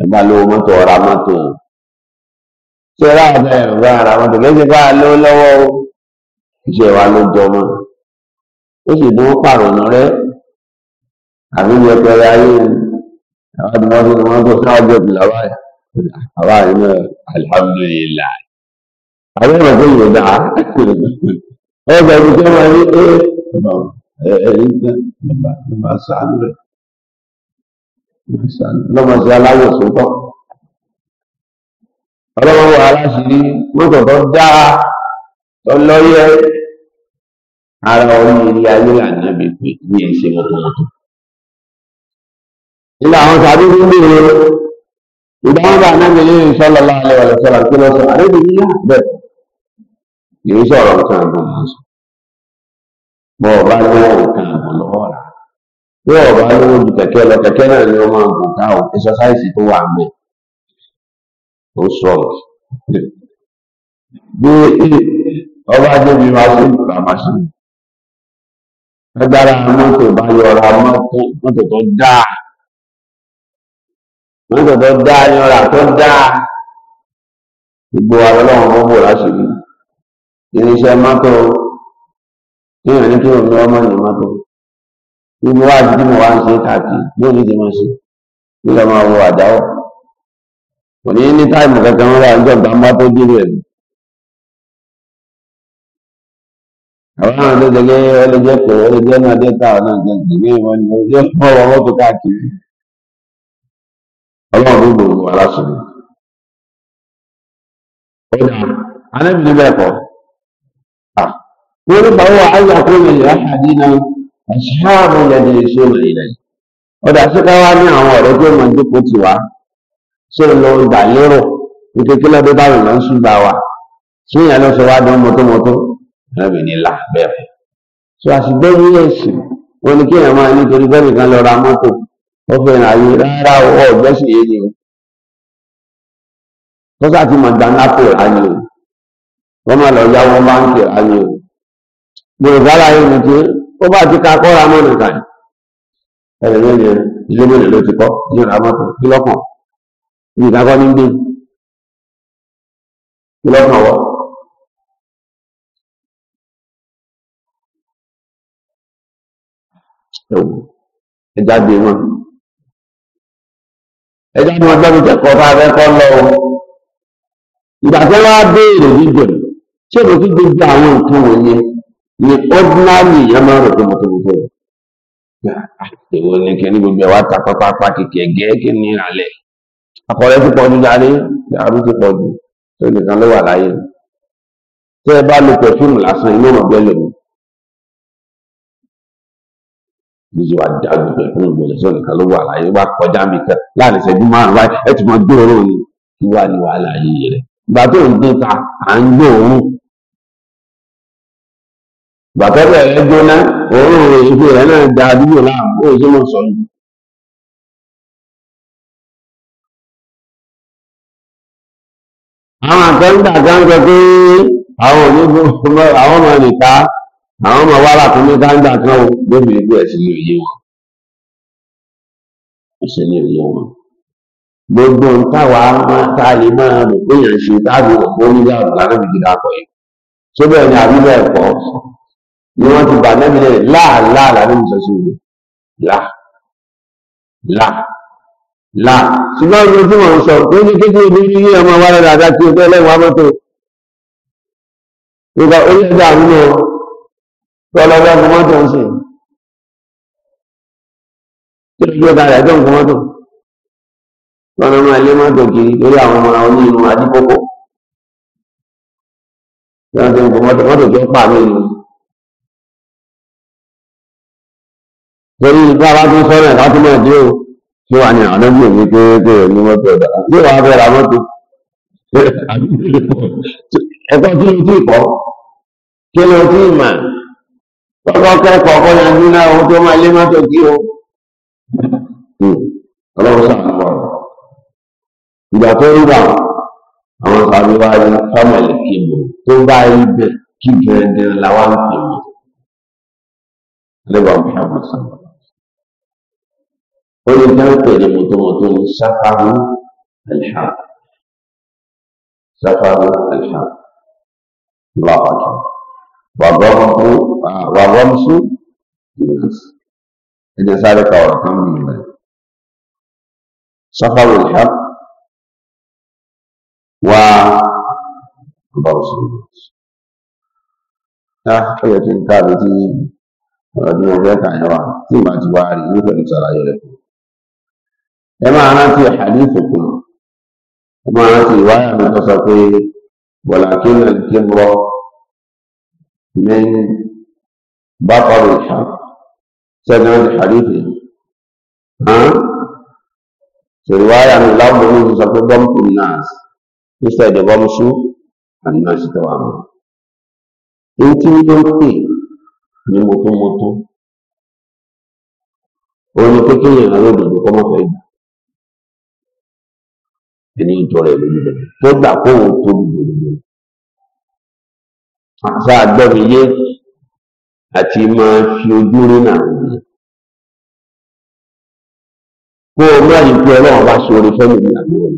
ẹgbà lówó mọ́tò ọ̀rá mọ́tò ṣé ra ọ̀tẹ̀ ẹ̀rọ ara mọ́tò lẹ́sẹ̀ bá a ló lọ́wọ́ iṣẹ́ wa ló jọ mọ́ ó sì dúró pàrọ̀nà rẹ àbí yẹpẹrẹ ayé àwọn tí wọ́n fi ni wọ́n tó sáájú ìpìlẹ̀ àbáyé àbáyé náà alihamudulilayi àwọn èèyàn tó yẹ dáa ẹ bẹ̀rù kí wọ́n máa ní ẹ ẹ ẹ ẹ ẹ bàbá sàánú rẹ lọ́mọ sí aláwọ̀ sótọ́ ọlọ́wọ́ aláṣìírí mọ́tò tó dáa tó lọ́yẹ ara orí ilé ayé lànà bí pé ní ẹ̀ṣẹ̀ mọ́tòmọ́tò ilé àwọn tàbí tó ń bèèrè ìdáhùn bá anábì lè sọ́lọ́ láàlẹ́ wà lọ́sọ́lá kí ló sọ àrẹ́bì níyà bẹ́ẹ̀ kì í sọ̀rọ̀ nǹkan àgbọ̀n sọ bọ́ọ̀ bá lọ́wọ́ nǹkan àgbọ̀n lọ́wọ́ rà bí ọba lówó ju kẹ̀kẹ́ lọ kẹ̀kẹ́ náà ni ó máa gùn ká o ẹsọsáìsì tó wà mí ó sọ̀rọ̀ bí ọba débi máa ṣe ń kura máṣíìnì agbára mọ́tò bá yọra mọ́tò tó dáa mọ́tò tó dáa yọra tó dáa gbogbo ọlọ́run ó bò láṣìírí irinṣẹ́ mọ́tò kéèyàn ní kí omi ọmọ ní mọ́tò. gbogbo wa ti mọ̀ wá ń ṣe káàkiri lórí ti mọ̀ sí nígbà máa wọ àdáwọ̀ kò ní ní táìmù kankan wọn wà níjọba tó dúró àwọn pé náà ta ọ̀nà jẹ́jẹ́ ní ìwọ̀n ni ọjọ́ pọ̀ wọ́n wọ́n tó káàkiri ọlọ́run ló lásìkò. bẹ́ẹ̀ kọ́ wọ́n ní àṣàrò lẹ́nu iṣẹ́ òun ilẹ̀ ọ̀dà síkà wá ní àwọn ọ̀rẹ́ tó mọ̀ nípò tì wá tó lọ gbà lérò wípé kí lọ́dún báyìí lọ́ ń ṣùgbà wa tí èèyàn ló fi wá dán mọ́tòmọ́tò lọ́bìn ní là bẹ̀rẹ̀ tó àṣìgbẹ́ ní ẹ̀sìn wọn ni kí èèyàn máa nítorí bẹ́ẹ̀ nìkan lọ ra mọ́tò ó fi ràn ayé rárá ọwọ́ ọ̀gbẹ́sì yé ni o tó sáà ti mọ̀ dánápò ayé o wọ́n máa lọ yáwó báńkì ayé o yorùbá láyé ni pé ó bá ti ka kọ́ra mọ́nà kan ẹ̀rẹ̀ lẹ́yìn ilé mọ́nà ló ti kọ́ ní ọ̀rọ̀ amọ́tò kí lọ́kàn ní ìdákọ́ ní gbé kí lọ́kàn wọ́. ẹja gbé wọn ẹja ni wọn gbọ́dọ̀ kẹ́kọ̀ọ́ bá fẹ́ kọ́ lọ́wọ́ ìgbà tí wọ́n á béèrè gbígbẹ̀ ṣé èdè kí gbogbo àwọn nǹkan wọ̀nyẹn ni ordinary èèyàn máa ń rò pé mo gbogbo rẹ̀ èwo ni kí ní gbogbo ẹ̀ wá ta pápápá kìkì ẹ̀gẹ́ kí ní ìrànlẹ̀ àkọọ́rẹ́ ti pọ̀ jù jáde àrú ti pọ̀ jù tó nìkan ló wà láyé tẹ́ ẹ bá lo pẹ̀fíìmù lásán inú ọ̀gbẹ́ lòun níjọ adágún pẹ̀fíìmù gbọ́dọ̀ tó nìkan ló wà láyé wá kọjá mi kan láàrin ìṣẹ́jú márùn-ún ẹ ti mọ gbòòrò ni kí wà ní wàhálà yìí rẹ̀ ìgbà tó ń dín ta à ń gbòòrò bàtọ́tẹ̀ rẹ̀ gbóná òórùn rẹ̀ ìfẹ́ rẹ̀ náà da àdúgbò láàmú ó ṣe mọ̀ sọ yìí. àwọn àtẹ́ńdà kan sọ pé àwọn onígbò àwọn ọmọ nìka àwọn ọmọ wàrà tó ní káńdà kan ó lómi ìlú ẹ̀ sí ní òye wọn ó sì ní òye wọn gbogbo ń táwa máa ta lè máa rò pé yẹn ṣe táàbù òpó nígbà lára bìbí dàpọ̀ yìí tó ni àbí bẹ́ẹ̀ kọ́ ni wọ́n ti bà nẹ́bí lẹ́yìn láàlá làbí mi sọ sí ìlú là là là ṣùgbọ́n ohun tí wọ́n sọ pé ní kékeré ní ní ọmọ wa rẹ̀ dáadáa tí o fẹ́ lẹ́wọ̀n amọ́tò nígbà onídàá nínú tọ́lọ́gbà fún mọ́tò ń sìn kí ló yọ̀ọ̀ta rẹ̀ tó ń fún mọ́tò lọ́nà máa lé mọ́tò kiri lórí àwọn ọmọ onírin adípọ́pọ́ lọ́nà tó ń fún mọ́tò mọ́tò tó ń ìlú. torí ìgbà wa tún fẹ́ràn láti mọ̀ dé o tí wà ní àwọn ọmọ mi pé pé ní mọ́tò ọ̀dà tí wàá fẹ́ ra mọ́tò ẹ̀kọ́ tí o ti kọ́ kí ló ti mà tọ́kọ́ kẹ́kọ̀ọ́ kọ́ ya ní náà ohun tó máa lé mọ́tò kí o ọlọ́run sàkọ́ ìgbà tó rí bá àwọn sàbí wa ní fámìlì kìbò tó bá ibẹ̀ kí gẹ̀ẹ́gẹ̀ẹ́ làwọn kìbò. Nígbà Muhammad sallallahu ó ní dáńpẹ̀ ní mo tó mọ̀ tó ní sáfáhù alhàm sáfáhù alhàm lọ́wọ́dù wàgọ́mùsù ìrìnàṣì ẹjẹ sáré ka ọ̀rọ̀ kan mú rẹ̀ sáfáhù alhàm wà gọ́mùsù ìrìnàṣì ah ó yẹ kí n káàbí tí ọ̀rọ̀ tí mo yẹn wà tí màá ti wá rí nípa ìṣàlàyé rẹ̀ fún ẹ máa rántí hadith kan ẹ máa rántí ìwáyà mi tó sọ pé bọ̀là kí n lè kí n rọ ní bákọ̀rù ìṣá sẹ́dọ̀ ní hadith yìí ṣe ìwáyà mi láwọn ọmọ mi sọ pé bọ́m̀pù náà nípa èdè bọ́m̀sù àti sì tẹ̀wà mọ́ èyí tí wọ́n ń pè ní mọ́tòmọ́tò ó ní pé kéèyàn lódodo kọ́ mọ́tò ìgbà kíní ìjọ rẹ̀ lójú rẹ̀ tó gbà kó o tóbi gbogbo àfa àgbọ̀mìyé àti máa fi ojú rí náà wọ̀nyí kó o má yìí pé ọlọ́run bá ṣe orí fẹ́mi ní àgbọ̀n rẹ̀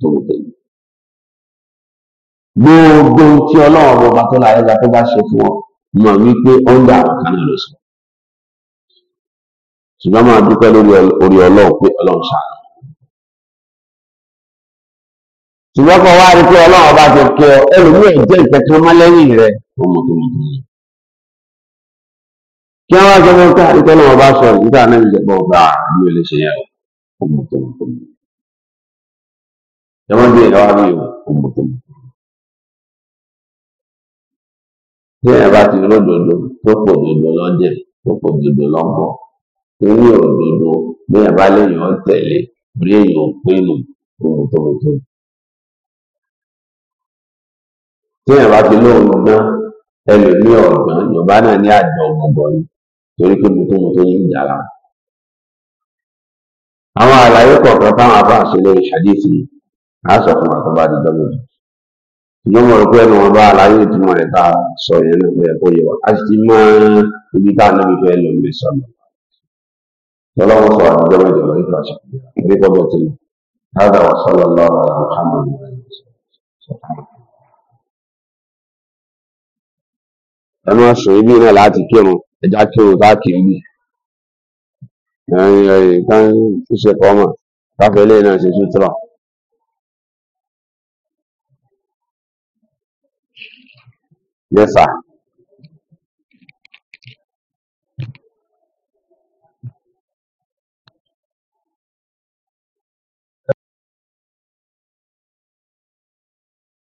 tó o tẹ̀lé gbogbo tí ọlọ́run bá tó láyé ga tó bá ṣe fún ọ mọ̀ wípé ó ń dà àwọn lọ sọ ṣùgbọ́n máa dúpẹ́ lórí orí ọlọ́run pé ọlọ́run ṣàánú ṣùgbọ́n kan wá rí pé ọlọ́run ọba ti kí ọ ẹlòmíì jẹ́ nǹkan kan mọ́ lẹ́yìn rẹ ọmọdémọdé kí wọ́n wá sọ fún ká rí pé ọlọ́run ọba sọ nígbà náà ìjọba ọba ìlú ilé ṣe yẹn ọmọdémọdé ẹ̀wọ̀n bí ẹ̀dá wá rí o ọmọdémọdé bí ẹ̀ bá ti lódodo tó pọ̀ dodo lọ́jẹ̀ tó pọ̀ dodo lọ́gbọ̀n. torí òdodo bí àbá lèèyàn tẹ̀lé orí èèyàn pinnu ohun tó ń tó. tí àbá fi lóun gbọ́n ẹlòmíì ọ̀gbọ́n yorùbá náà ní àjọ ni torí pé mo tó mo tó àwọn àlàyé kọ̀ọ̀kan táwọn ṣe lórí ṣàdíìsì á sọ fún bá di dọ́gbọ̀n jù. ṣùgbọ́n mo rò pé ẹnu wọn bá ìtumọ̀ rẹ̀ tá a sọ yẹn ti mọ فله صلاة الجبل جبل إذا شكل بفضلة هذا وصلى الله على محمد وآله وسلم ẹnu ọsùn ibi náà láti kírun ẹja kírun káàkiri bí ẹyìn ẹyìn kan tó ṣe kọ mọ Yes,